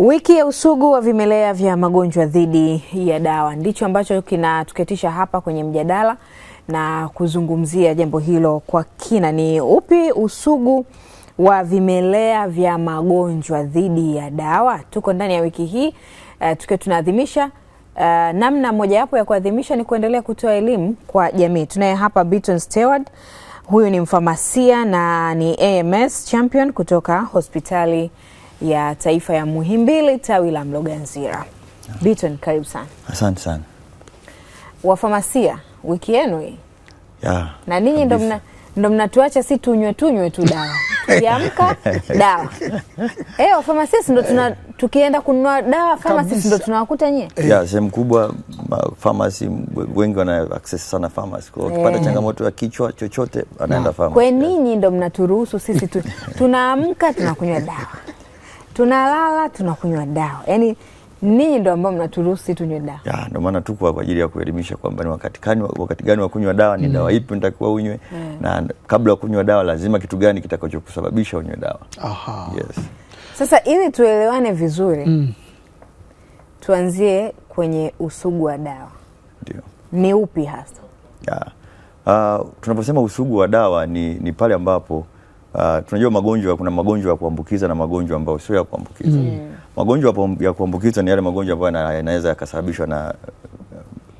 Wiki ya usugu wa vimelea vya magonjwa dhidi ya dawa ndicho ambacho kinatuketisha hapa kwenye mjadala na kuzungumzia jambo hilo kwa kina. Ni upi usugu wa vimelea vya magonjwa dhidi ya dawa? Tuko ndani ya wiki hii uh, tukiwa tunaadhimisha uh, namna mojawapo ya kuadhimisha ni kuendelea kutoa elimu kwa jamii. Tunaye hapa Beaton Steward, huyu ni mfamasia na ni AMS champion kutoka hospitali ya taifa ya Muhimbili tawi la Mloganzila. Bitton, karibu sana. Asante sana. Wafamasia wiki yenu hii na ninyi ndo mna ndo mnatuacha si tunywe tunywe tu dawa tukiamka dawa eh, wafamasia ndo tuna tukienda kununua dawa famasi ndo tunawakuta nyie yeah, sehemu kubwa famasi wengi wana access sana famasi kwa ukipata yeah, changamoto ya kichwa chochote anaenda famasi. Kwa ninyi ndo mnaturuhusu sisi tu tunaamka tunakunywa dawa tunalala tunakunywa dawa, yani ninyi ndo ambao mnaturuhusu tunywe dawa. Ndio maana tuko kwa ajili ya kuelimisha kwamba ni wakati gani wakati gani wa kunywa dawa, ni mm. dawa ipi ntakiwa unywe mm. na kabla ya kunywa dawa lazima kitu gani kitakachokusababisha unywe dawa. Aha. Yes. Sasa ili tuelewane vizuri mm. tuanzie kwenye usugu wa dawa. Ndio. Ni upi hasa? Uh, tunaposema usugu wa dawa ni, ni pale ambapo Uh, tunajua magonjwa, kuna magonjwa ya kuambukiza na magonjwa ambayo sio ya kuambukiza. Mm. Magonjwa ya kuambukiza ni yale magonjwa ambayo yanaweza yakasababishwa na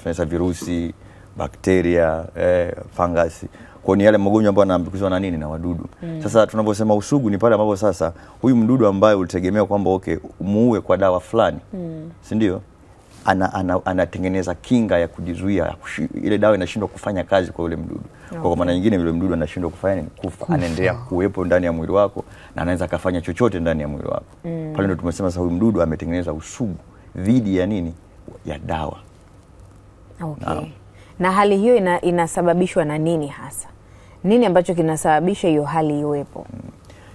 tunasema virusi, bakteria, eh, fangasi. Kwa ni yale magonjwa ambayo yanaambukizwa na nini na wadudu. Mm. Sasa tunaposema usugu ni pale ambapo sasa huyu mdudu ambaye ulitegemea kwamba okay, muue kwa dawa fulani. Mm. Si ndio? anatengeneza ana, ana, kinga ya kujizuia, ile dawa inashindwa kufanya kazi kwa yule mdudu okay. Kwa maana nyingine yule mdudu anashindwa kufanya nini? Kufa, anaendelea kuwepo ndani ya mwili wako na anaweza akafanya chochote ndani ya mwili wako mm. Pale ndo tumesema sasa huyu mdudu ametengeneza usugu dhidi ya nini, ya dawa okay. na, na hali hiyo ina, inasababishwa na nini hasa? Nini ambacho kinasababisha hiyo hali iwepo? mm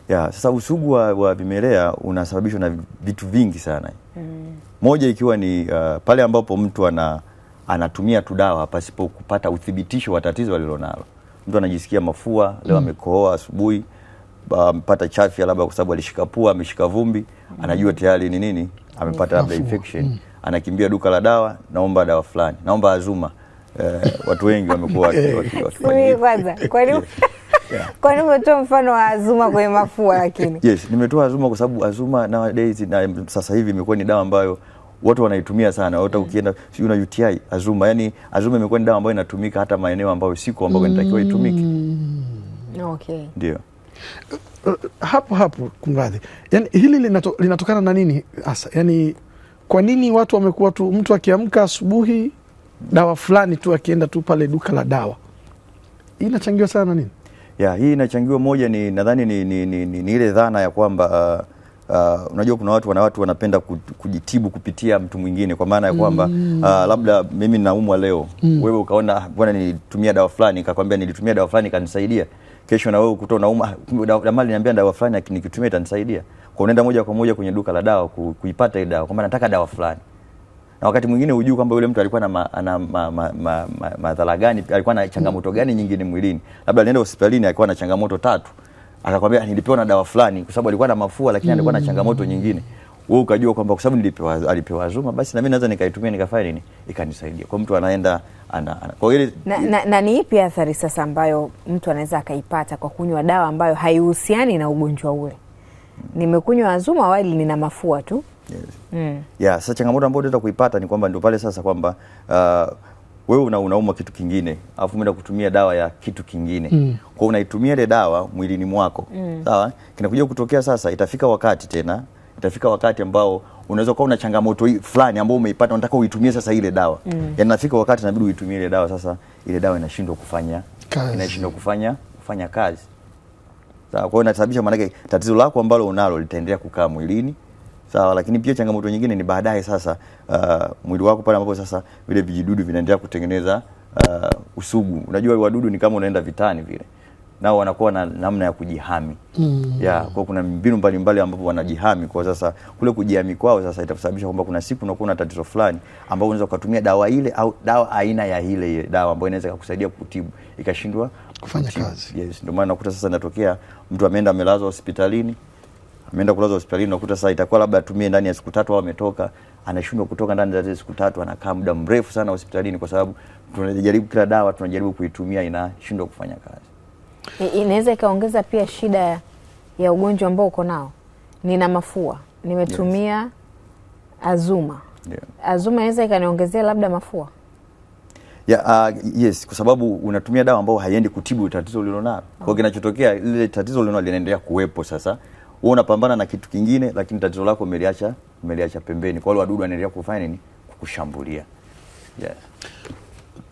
ya sasa usugu wa, wa vimelea unasababishwa na vitu vingi sana mm. Moja ikiwa ni uh, pale ambapo mtu ana, anatumia tu dawa pasipo kupata uthibitisho wa tatizo alilonalo. Mtu anajisikia mafua leo mm. amekohoa asubuhi amepata uh, chafya labda kwa sababu alishika pua, ameshika vumbi, mm. anajua tayari ni nini, amepata labda infection mm. anakimbia duka la dawa, naomba dawa fulani, naomba Azuma. Eh, watu wengi wamekuwa kwanza kwa kwa nini umetoa mfano wa Azuma kwenye mafua lakini. Yes, nimetoa Azuma kwa sababu Azuma nowadays na sasa hivi imekuwa ni dawa ambayo watu wanaitumia sana. Hata mm. ukienda sio una UTI Azuma, yani Azuma imekuwa ni dawa ambayo inatumika hata maeneo ambayo siko ambayo inatakiwa mm. itumike. Okay. Ndio. Uh, hapo hapo kumradhi. Yani hili linato, linatokana na nini hasa? Yani kwa nini watu wamekuwa tu mtu akiamka asubuhi dawa fulani tu akienda tu pale duka la dawa inachangiwa sana nini? Yeah, hii inachangiwa moja ni nadhani ni, ni, ni, ni, ni ile dhana ya kwamba uh, Uh, unajua kuna watu wana watu wanapenda kujitibu kupitia mtu mwingine kwa maana ya kwamba mm. uh, labda mimi ninaumwa leo mm. wewe ukaona bwana, nilitumia dawa fulani, kakwambia nilitumia dawa fulani kanisaidia. Kesho na wewe ukuta unauma, dawa niambia dawa fulani nikitumia itanisaidia, kwa unaenda moja kwa moja kwenye duka la dawa kuipata ile dawa, maana nataka dawa fulani na wakati mwingine hujui kwamba yule mtu alikuwa na madhara ma, ma, ma, ma, ma gani, alikuwa na changamoto gani nyingine mwilini. Labda alienda hospitalini akiwa na changamoto tatu, akakwambia nilipewa na dawa fulani, kwa sababu alikuwa na mafua, lakini alikuwa na mm. changamoto nyingine wewe ukajua kwamba kwa sababu nilipewa alipewa Zuma, basi na mimi naweza nikaitumia nikafanya nini ikanisaidia. Kwa mtu anaenda ana, ana. Kwa ile na, na, na ni ipi athari sasa ambayo mtu anaweza akaipata kwa kunywa dawa ambayo haihusiani na ugonjwa ule? Nimekunywa Azuma awali nina mafua tu, hivi mm. yeah, sasa changamoto ambayo unaweza kuipata ni kwamba ndio pale sasa kwamba uh, wewe una unauma kitu kingine alafu umeenda kutumia dawa ya kitu kingine mm. kwa unaitumia ile dawa mwilini mwako mm. sawa kinakuja kutokea sasa itafika wakati tena itafika wakati ambao unaweza kuwa una changamoto fulani ambayo umeipata unataka uitumie sasa ile dawa mm. yani nafika wakati inabidi uitumie ile dawa sasa ile dawa inashindwa kufanya kazi inashindwa kufanya kufanya kazi sawa kwa hiyo inasababisha maanake tatizo lako ambalo unalo litaendelea kukaa mwilini sawa, lakini pia changamoto nyingine ni baadaye sasa, uh, mwili wako pale ambapo sasa vile vijidudu vinaendelea kutengeneza uh, usugu. Unajua wadudu ni kama unaenda vitani vile, nao wanakuwa na namna ya kujihami mm. ya Yeah, kwa kuna mbinu mbalimbali ambapo wanajihami kwa sasa, kule kujihami kwao sasa itasababisha kwamba kuna siku unakuwa na tatizo fulani ambao unaweza kutumia dawa ile au dawa aina ya ile ile dawa ambayo inaweza kukusaidia kutibu ikashindwa kufanya kazi. Yes, ndio maana unakuta sasa inatokea mtu ameenda amelazwa hospitalini ameenda kulazwa hospitalini, nakuta sasa itakuwa labda atumie ndani ya siku tatu au ametoka, anashindwa kutoka ndani ya siku tatu, anakaa muda mrefu sana hospitalini, kwa sababu tunajaribu kila dawa tunajaribu kuitumia, inashindwa kufanya kazi. Inaweza ikaongeza pia shida ya ugonjwa ambao uko nao. Nina mafua, nimetumia yes. Azuma yeah. Azuma inaweza ikaniongezea labda mafua Yeah, uh, yes kwa sababu unatumia dawa ambayo haiendi kutibu tatizo ulilonalo. Kwa hiyo oh. kinachotokea lile tatizo ulilonalo linaendelea kuwepo sasa wewe unapambana na kitu kingine, lakini tatizo lako umeliacha umeliacha pembeni. Kwa hiyo wadudu wanaendelea kufanya nini? Kukushambulia. Yeah.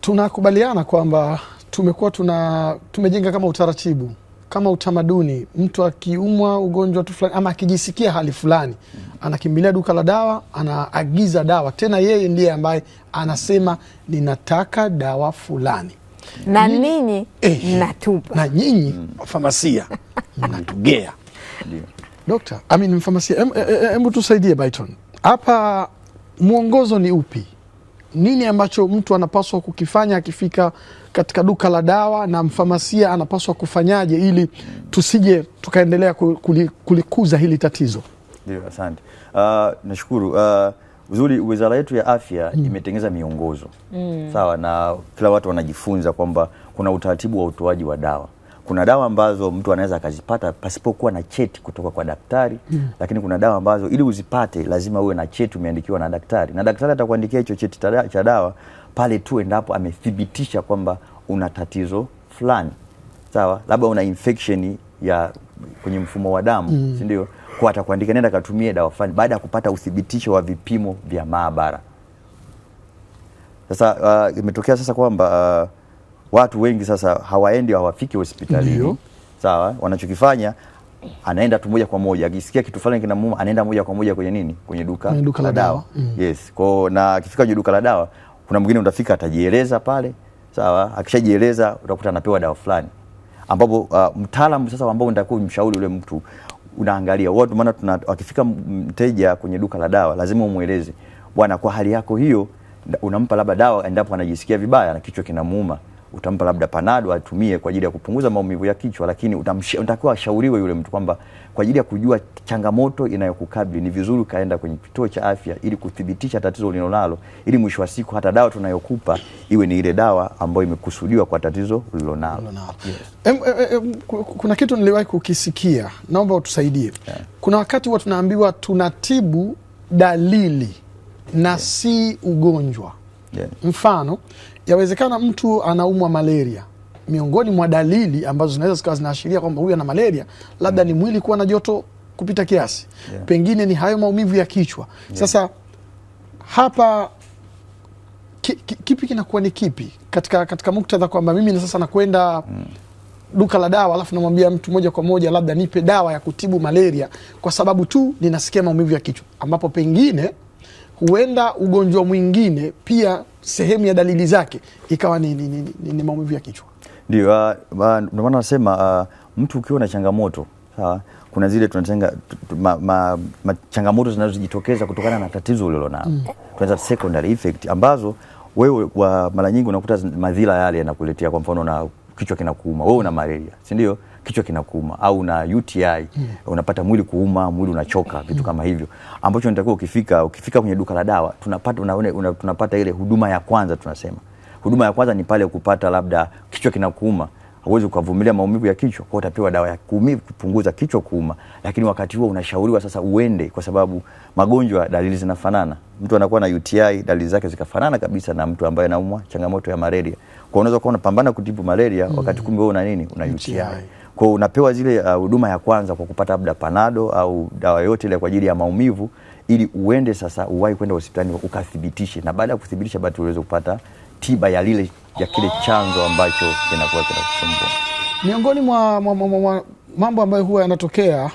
Tunakubaliana kwamba tumekuwa tuna tumejenga kama utaratibu kama utamaduni, mtu akiumwa ugonjwa tu fulani ama akijisikia hali fulani, mm-hmm. anakimbilia duka la dawa, anaagiza dawa, tena yeye ndiye ambaye anasema ninataka dawa fulani, na ninyi eh. mnatupa, na nyinyi mm. wafamasia mnatugea. Dokta, I mean mfamasia, hebu tusaidie Byton hapa, mwongozo ni upi? Nini ambacho mtu anapaswa kukifanya akifika katika duka la dawa na mfamasia anapaswa kufanyaje ili tusije tukaendelea kulikuza hili tatizo? Ndio, asante. Uh, nashukuru uh, uzuri wizara yetu ya afya mm. imetengeza miongozo mm. sawa, na kila watu wanajifunza kwamba kuna utaratibu wa utoaji wa dawa kuna dawa ambazo mtu anaweza akazipata pasipokuwa na cheti kutoka kwa daktari mm. Lakini kuna dawa ambazo ili uzipate lazima uwe na cheti umeandikiwa na daktari, na daktari atakuandikia hicho cheti cha dawa pale tu endapo amethibitisha kwamba una tatizo fulani, sawa, labda una infection ya kwenye mfumo wa damu mm. si ndio? Kwa atakuandikia nenda katumie dawa fulani baada ya kupata uthibitisho wa vipimo vya maabara. Sasa uh, imetokea sasa kwamba uh, watu wengi sasa hawaendi hawafiki hospitalini sawa. Wanachokifanya anaenda tu moja kwa moja, akisikia kitu fulani kinamuuma, anaenda moja kwa moja kwenye nini, kwenye duka, kwenye duka la dawa mm. Yes, kwa na akifika kwenye duka la dawa, kuna mwingine utafika atajieleza pale sawa. Akishajieleza utakuta anapewa dawa fulani, ambapo uh, mtaalamu sasa ambao nitakuwa mshauri ule mtu unaangalia watu, maana tuna akifika mteja kwenye duka la dawa lazima umweleze bwana, kwa hali yako hiyo, unampa labda dawa endapo anajisikia vibaya na kichwa kinamuuma utampa labda panado atumie kwa ajili ya kupunguza maumivu ya kichwa, lakini utakuwa ashauriwe yule mtu kwamba kwa ajili ya kujua changamoto inayokukabili ni vizuri ukaenda kwenye kituo cha afya ili kuthibitisha tatizo ulilonalo, ili mwisho wa siku hata dawa tunayokupa iwe ni ile dawa ambayo imekusudiwa kwa tatizo ulilonalo. Yes. Kuna kitu niliwahi kukisikia, naomba utusaidie. Yeah. Kuna wakati huwa tunaambiwa tunatibu dalili na yeah, si ugonjwa. Yeah. Mfano yawezekana mtu anaumwa malaria miongoni mwa dalili ambazo zinaweza zikawa zinaashiria kwamba huyu ana malaria labda mm. ni mwili kuwa na joto kupita kiasi yeah. Pengine ni hayo maumivu ya kichwa yeah. Sasa hapa ki, ki, kipi kinakuwa ni kipi katika, katika muktadha kwamba mimi nasasa sasa nakwenda mm. duka la dawa alafu namwambia mtu moja kwa moja labda nipe dawa ya kutibu malaria kwa sababu tu ninasikia maumivu ya kichwa, ambapo pengine huenda ugonjwa mwingine pia sehemu ya dalili zake ikawa ni, ni, ni, ni, ni maumivu ya kichwa. Ndio ah, ndio maana nasema uh, mtu ukiwa na changamoto sawa, ah, kuna zile tunatenga ma, ma, ma, changamoto zinazojitokeza kutokana na tatizo ulilonao mm. tunaweza secondary effect ambazo wewe mara nyingi unakuta madhila yale yanakuletea, kwa mfano na kichwa kinakuuma, wewe una malaria, si ndio? kichwa kinakuuma au na UTI yeah. Hmm. Unapata mwili kuuma, mwili unachoka vitu yeah. Hmm. kama hivyo ambacho unatakiwa ukifika ukifika kwenye duka la dawa tunapata unaone, una, tunapata ile huduma ya kwanza tunasema huduma ya kwanza ni pale kupata labda kichwa kinakuuma huwezi kuvumilia maumivu ya kichwa, kwa utapewa dawa ya kuumi, kupunguza kichwa kuuma, lakini wakati huo unashauriwa sasa uende, kwa sababu magonjwa dalili zinafanana. Mtu anakuwa na UTI dalili zake zikafanana kabisa na mtu ambaye anaumwa changamoto ya malaria, kwa unaweza kuwa unapambana kutibu malaria wakati hmm. kumbe wewe una nini, una UTI, UTI. Kwa unapewa zile uh, huduma uh, ya kwanza kwa kupata labda panado au dawa yote ile kwa ajili ya maumivu, ili uende sasa uwahi kwenda hospitali ukathibitishe, na baada ya kuthibitisha basi uweze kupata tiba ya lile ya kile chanzo ambacho kinakuwa kinakusumbua. Miongoni mwa, mwa, mwa, mwa mambo ambayo huwa yanatokea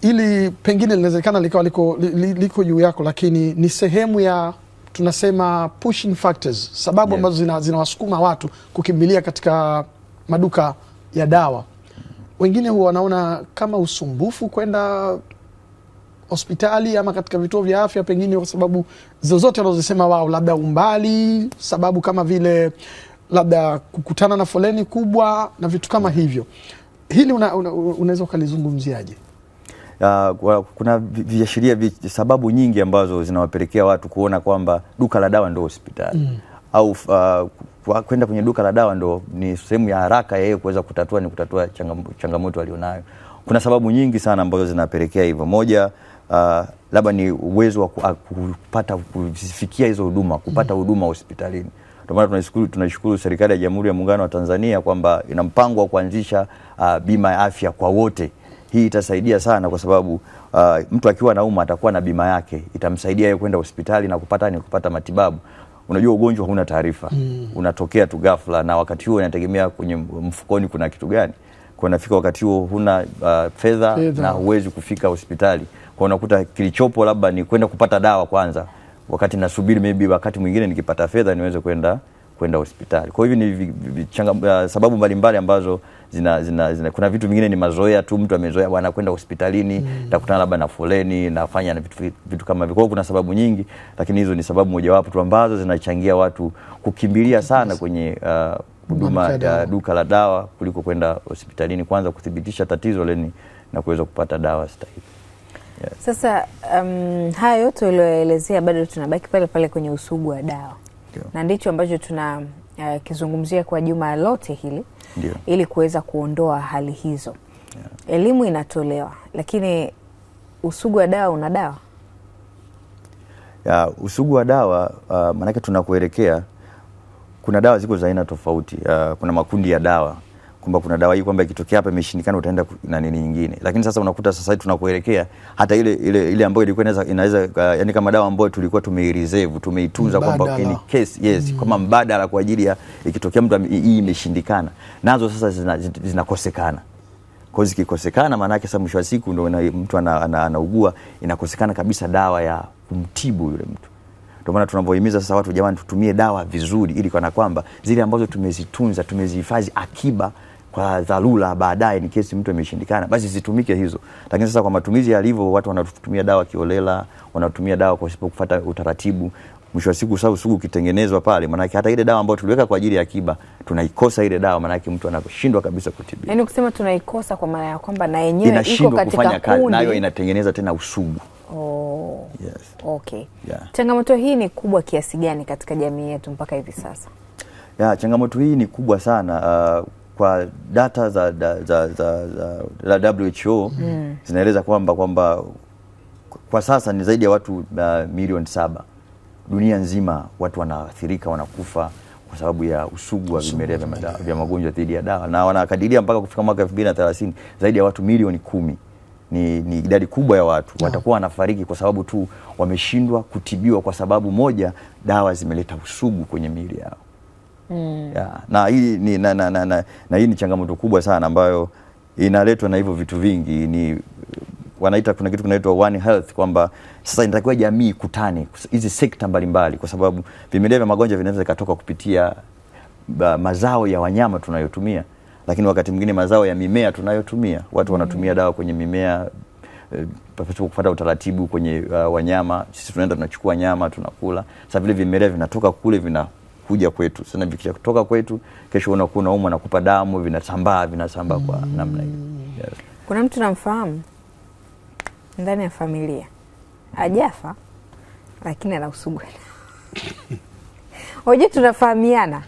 ili pengine linawezekana likawa liko, li, liko juu yako, lakini ni sehemu ya tunasema pushing factors, sababu ambazo yes, zinawasukuma zina watu kukimbilia katika maduka ya dawa wengine huwa wanaona kama usumbufu kwenda hospitali ama katika vituo vya afya, pengine kwa sababu zozote wanazosema wao, labda umbali, sababu kama vile labda kukutana na foleni kubwa na vitu kama hivyo. Hili unaweza una, una ukalizungumziaje? Uh, kuna viashiria vi, sababu nyingi ambazo zinawapelekea watu kuona kwamba duka la dawa ndio hospitali mm. au uh, kwenda kwenye duka la dawa ndo ni sehemu ya haraka yeye kuweza kutatua ni kutatua changamoto, changamoto alionayo. Kuna sababu nyingi sana ambazo zinapelekea hivyo. Moja uh, labda ni uwezo wa ah, kupata kufikia hizo huduma, kupata mm-hmm. huduma hospitalini. Ndio maana tunashukuru tunashukuru serikali ya Jamhuri ya Muungano wa Tanzania kwamba ina mpango wa kuanzisha uh, bima ya afya kwa wote. Hii itasaidia sana kwa sababu uh, mtu akiwa anauma atakuwa na bima yake, itamsaidia yeye kwenda hospitali na kupata ni kupata matibabu unajua ugonjwa huna taarifa mm. unatokea tu ghafla, na wakati huo inategemea kwenye mfukoni kuna kitu gani kwa, nafika wakati huo huna uh, fedha na huwezi kufika hospitali, kwa unakuta kilichopo labda ni kwenda kupata dawa kwanza, wakati nasubiri maybe wakati mwingine nikipata fedha niweze kwenda kwenda hospitali. Kwa hivyo ni uh, sababu mbalimbali ambazo zina, zina, zina, kuna vitu vingine ni mazoea tu, mtu amezoea bwana kwenda hospitalini mm. takutana labda na foleni nafanya na vitu, vitu kama hivyo. Kwa hiyo kuna sababu nyingi, lakini hizo ni sababu mojawapo tu ambazo zinachangia watu kukimbilia sana kwenye uh, huduma uh, ya duka la dawa kuliko kwenda hospitalini kwanza kuthibitisha tatizo leni na kuweza kupata dawa stahili. Yes. Sasa um, haya yote ulioelezea bado tunabaki pale pale kwenye usugu wa dawa na ndicho ambacho tuna uh, kizungumzia kwa juma lote hili Ndio. ili kuweza kuondoa hali hizo yeah. Elimu inatolewa lakini usugu wa dawa una dawa ya, usugu wa dawa uh, maanake tunakuelekea kuna dawa ziko za aina tofauti uh, kuna makundi ya dawa kwamba kuna dawa hii kwamba ikitokea hapa imeshindikana utaenda na nini nyingine. Lakini sasa unakuta sasa hivi tunakuelekea hata ile ile ile ambayo ilikuwa inaweza inaweza uh, yani kama dawa ambayo tulikuwa tumeireserve tumeitunza kwamba in case yes mm. kama mbadala kwa ajili ya ikitokea mtu hii imeshindikana nazo sasa zinakosekana zina kwa hiyo zikikosekana, maana yake sasa mwisho wa siku ndio mtu anaugua ana, ana, ana inakosekana kabisa dawa ya kumtibu yule mtu. Ndio maana tunavyohimiza sasa watu, jamani, tutumie dawa vizuri, ili kana kwamba zile ambazo tumezitunza tumezihifadhi akiba kwa dharura baadaye, ni kesi mtu ameshindikana, basi zitumike hizo. Lakini sasa kwa matumizi yalivyo, watu wanatumia dawa kiolela, wanatumia dawa kwa utaratibu mwisho wa siku sababu sugu ukitengenezwa pale, maanake hata ile dawa ambayo tuliweka kwa ajili ya akiba tunaikosa ile dawa, maanake mtu anashindwa kabisa kutibia. Yani tunaikosa kwa maana ya kwamba na yenyewe kazi nayo inatengeneza tena usugu. Oh, yes. Okay. Yeah. Changamoto hii ni kubwa kiasi gani katika jamii yetu mpaka hivi sasa? Yeah, changamoto hii ni kubwa sana. Uh, kwa data za, za, za, za, za, za WHO mm. zinaeleza kwamba kwamba kwa sasa ni zaidi ya watu uh, milioni saba dunia nzima, watu wanaathirika wanakufa kwa sababu ya usugu wa vimelea vya magonjwa dhidi ya dawa, na wanakadiria mpaka kufika mwaka 2030 zaidi ya watu milioni kumi. Ni, ni idadi kubwa ya watu no. watakuwa wanafariki kwa sababu tu wameshindwa kutibiwa, kwa sababu moja, dawa zimeleta usugu kwenye miili yao mm. yeah. na hii ni, na, na, na, na, na hii ni changamoto kubwa sana ambayo inaletwa na hivyo vitu vingi ni wanaita kuna kitu kinaitwa One Health kwamba sasa inatakiwa jamii kutane hizi sekta mbalimbali, kwa sababu vimelea vya magonjwa vinaweza ikatoka kupitia ba, mazao ya wanyama tunayotumia, lakini wakati mwingine mazao ya mimea tunayotumia. Watu wanatumia mm. dawa kwenye mimea eh, pasipo utaratibu kwenye uh, wanyama. Sisi tunaenda tunachukua nyama tunakula. Sasa vile vimelea vinatoka kule vina kuja kwetu. Sasa vikisha kutoka kwetu, kesho unakuwa unaumwa, nakupa damu, vinasambaa vinasambaa kwa mm. namna hiyo. Yes. Kuna mtu namfahamu ndani ya familia ajafa lakini ana usugu Hoje tunafahamiana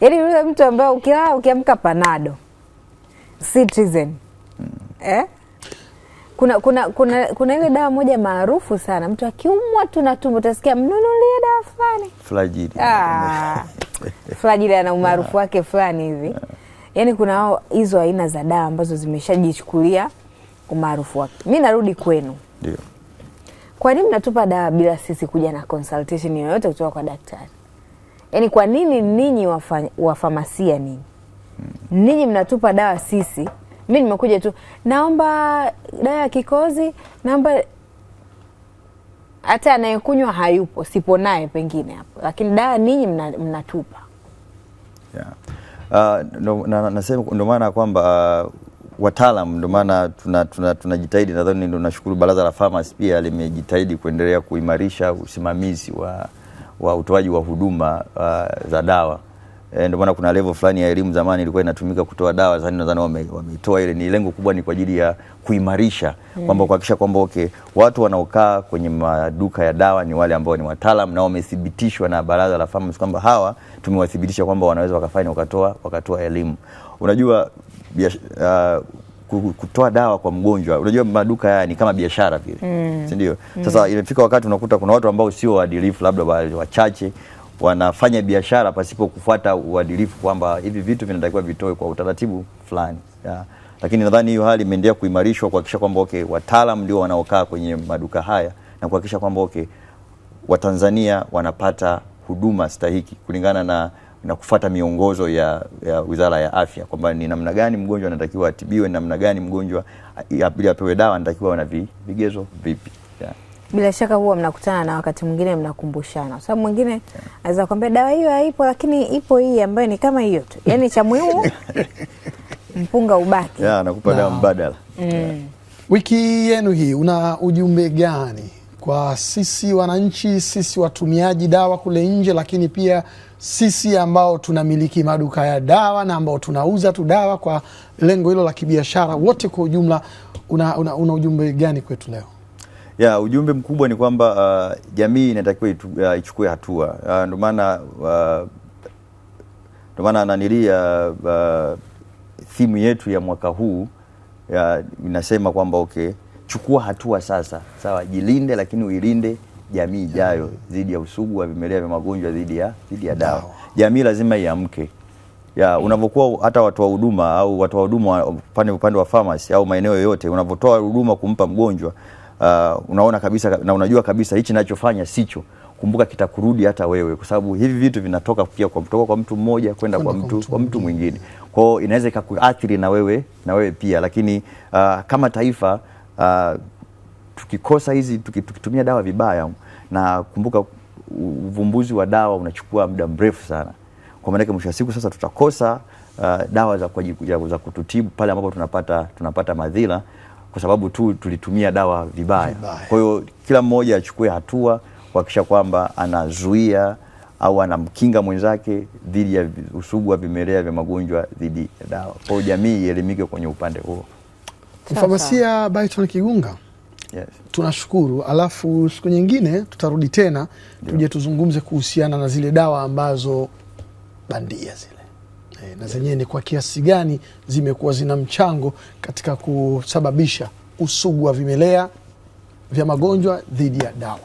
yaani yule mtu ambaye ukilala ukiamka panado Citizen mm. eh? kuna kuna kuna kuna ile dawa moja maarufu sana, mtu akiumwa tu na tumbo utasikia mnunulie dawa fulani flajili. Ah, flajili ana umaarufu ah. wake fulani hivi. yani kuna hizo aina za dawa ambazo zimeshajichukulia umaarufu wake. Mi narudi kwenu, ndio kwa nini mnatupa dawa bila sisi kuja na consultation yoyote kutoka kwa daktari? yani kwa nini ninyi wafamasia ninyi hmm. ninyi mnatupa dawa sisi mi nimekuja tu, naomba dawa ya kikozi, naomba hata anayekunywa hayupo, sipo naye pengine hapo, lakini dawa ninyi mnatupa mna yeah. Uh, ndo na, nasema ndo maana kwamba uh, ah, wataalam ndo maana tunajitahidi, nadhani ndo nashukuru Baraza la Famasi pia limejitahidi kuendelea kuimarisha usimamizi wa, wa utoaji wa huduma uh, za dawa E, ndio maana kuna level fulani ya elimu zamani ilikuwa inatumika kutoa dawa, zani nadhani wameitoa wame ile. Ni lengo kubwa ni kwa ajili ya kuimarisha mm, kwamba kuhakikisha kwamba okay, watu wanaokaa kwenye maduka ya dawa ni wale ambao ni wataalamu na wamethibitishwa na Baraza la Pharmacy kwamba hawa tumewathibitisha kwamba wanaweza wakafanya wakatoa wakatoa elimu. Unajua uh, kutoa dawa kwa mgonjwa, unajua maduka haya ni kama biashara vile mm, si ndio? Hmm. Sasa mm, inafika wakati unakuta kuna watu ambao sio waadilifu, labda wachache wanafanya biashara pasipo kufuata uadilifu kwamba hivi vitu vinatakiwa vitoe kwa utaratibu fulani ya. Lakini nadhani hiyo hali imeendelea kuimarishwa kuhakikisha kwamba okay, wataalam ndio wanaokaa kwenye maduka haya na kuhakikisha kwamba okay, Watanzania wanapata huduma stahiki kulingana na na kufuata miongozo ya, ya Wizara ya Afya kwamba ni namna gani mgonjwa anatakiwa atibiwe, ni namna gani mgonjwa ili apewe dawa anatakiwa na vigezo vipi bila shaka huwa mnakutana na wakati mwingine mnakumbushana, kwa sababu mwingine anaweza kuambia dawa hiyo haipo, lakini ipo hii ambayo ni kama hiyo tu, yaani cha muhimu mpunga ubaki, anakupa dawa mbadala. Mm. Wiki yenu hii una ujumbe gani kwa sisi wananchi, sisi watumiaji dawa kule nje, lakini pia sisi ambao tunamiliki maduka ya dawa na ambao tunauza tu dawa kwa lengo hilo la kibiashara, wote kwa ujumla, una, una, una ujumbe gani kwetu leo? Ya, ujumbe mkubwa ni kwamba uh, jamii inatakiwa uh, ichukue hatua uh, ndio maana uh, ndio maana ananilia uh, uh, thimu yetu ya mwaka huu ya, uh, inasema kwamba okay, chukua hatua sasa. Sawa, jilinde lakini uilinde jamii ijayo dhidi ya usugu wa vimelea vya magonjwa dhidi ya dhidi ya dawa. Jamii lazima iamke ya unavyokuwa hata watu wa huduma au watu wa huduma upande upande wa pharmacy au maeneo yoyote, unavyotoa huduma kumpa mgonjwa uh, unaona kabisa na unajua kabisa hichi ninachofanya sicho, kumbuka kitakurudi hata wewe, kwa sababu hivi vitu vinatoka pia kwa, kutoka kwa mtu mmoja kwenda kwa mtu, kwa mtu mwingine. Kwa hiyo inaweza ikakuathiri na wewe, na wewe pia, lakini uh, kama taifa uh, tukikosa hizi tukitumia dawa vibaya, na kumbuka uvumbuzi wa dawa unachukua muda mrefu sana, kwa maana mwisho wa siku sasa tutakosa uh, dawa za, kwa, za kututibu pale ambapo tunapata, tunapata madhila kwa sababu tu tulitumia dawa vibaya. Kwa hiyo kila mmoja achukue hatua kuhakikisha kwamba anazuia au anamkinga mwenzake dhidi ya usugu wa vimelea vya magonjwa dhidi ya dawa. Kwa hiyo jamii ielimike kwenye upande huo. Mfamasia Byton Kigunga, yes. Tunashukuru, alafu siku nyingine tutarudi tena tuje tuzungumze kuhusiana na zile dawa ambazo bandia zile Eh, na zenyewe ni kwa kiasi gani zimekuwa zina mchango katika kusababisha usugu wa vimelea vya magonjwa dhidi ya dawa.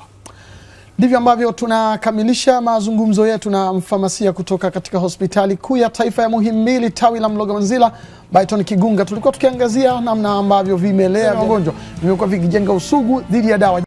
Ndivyo ambavyo tunakamilisha mazungumzo yetu na mfamasia kutoka katika hospitali kuu ya taifa ya Muhimbili tawi la Mloganzila, Byton Kigunga. Tulikuwa tukiangazia namna ambavyo vimelea vya magonjwa vimekuwa vikijenga usugu dhidi ya dawa.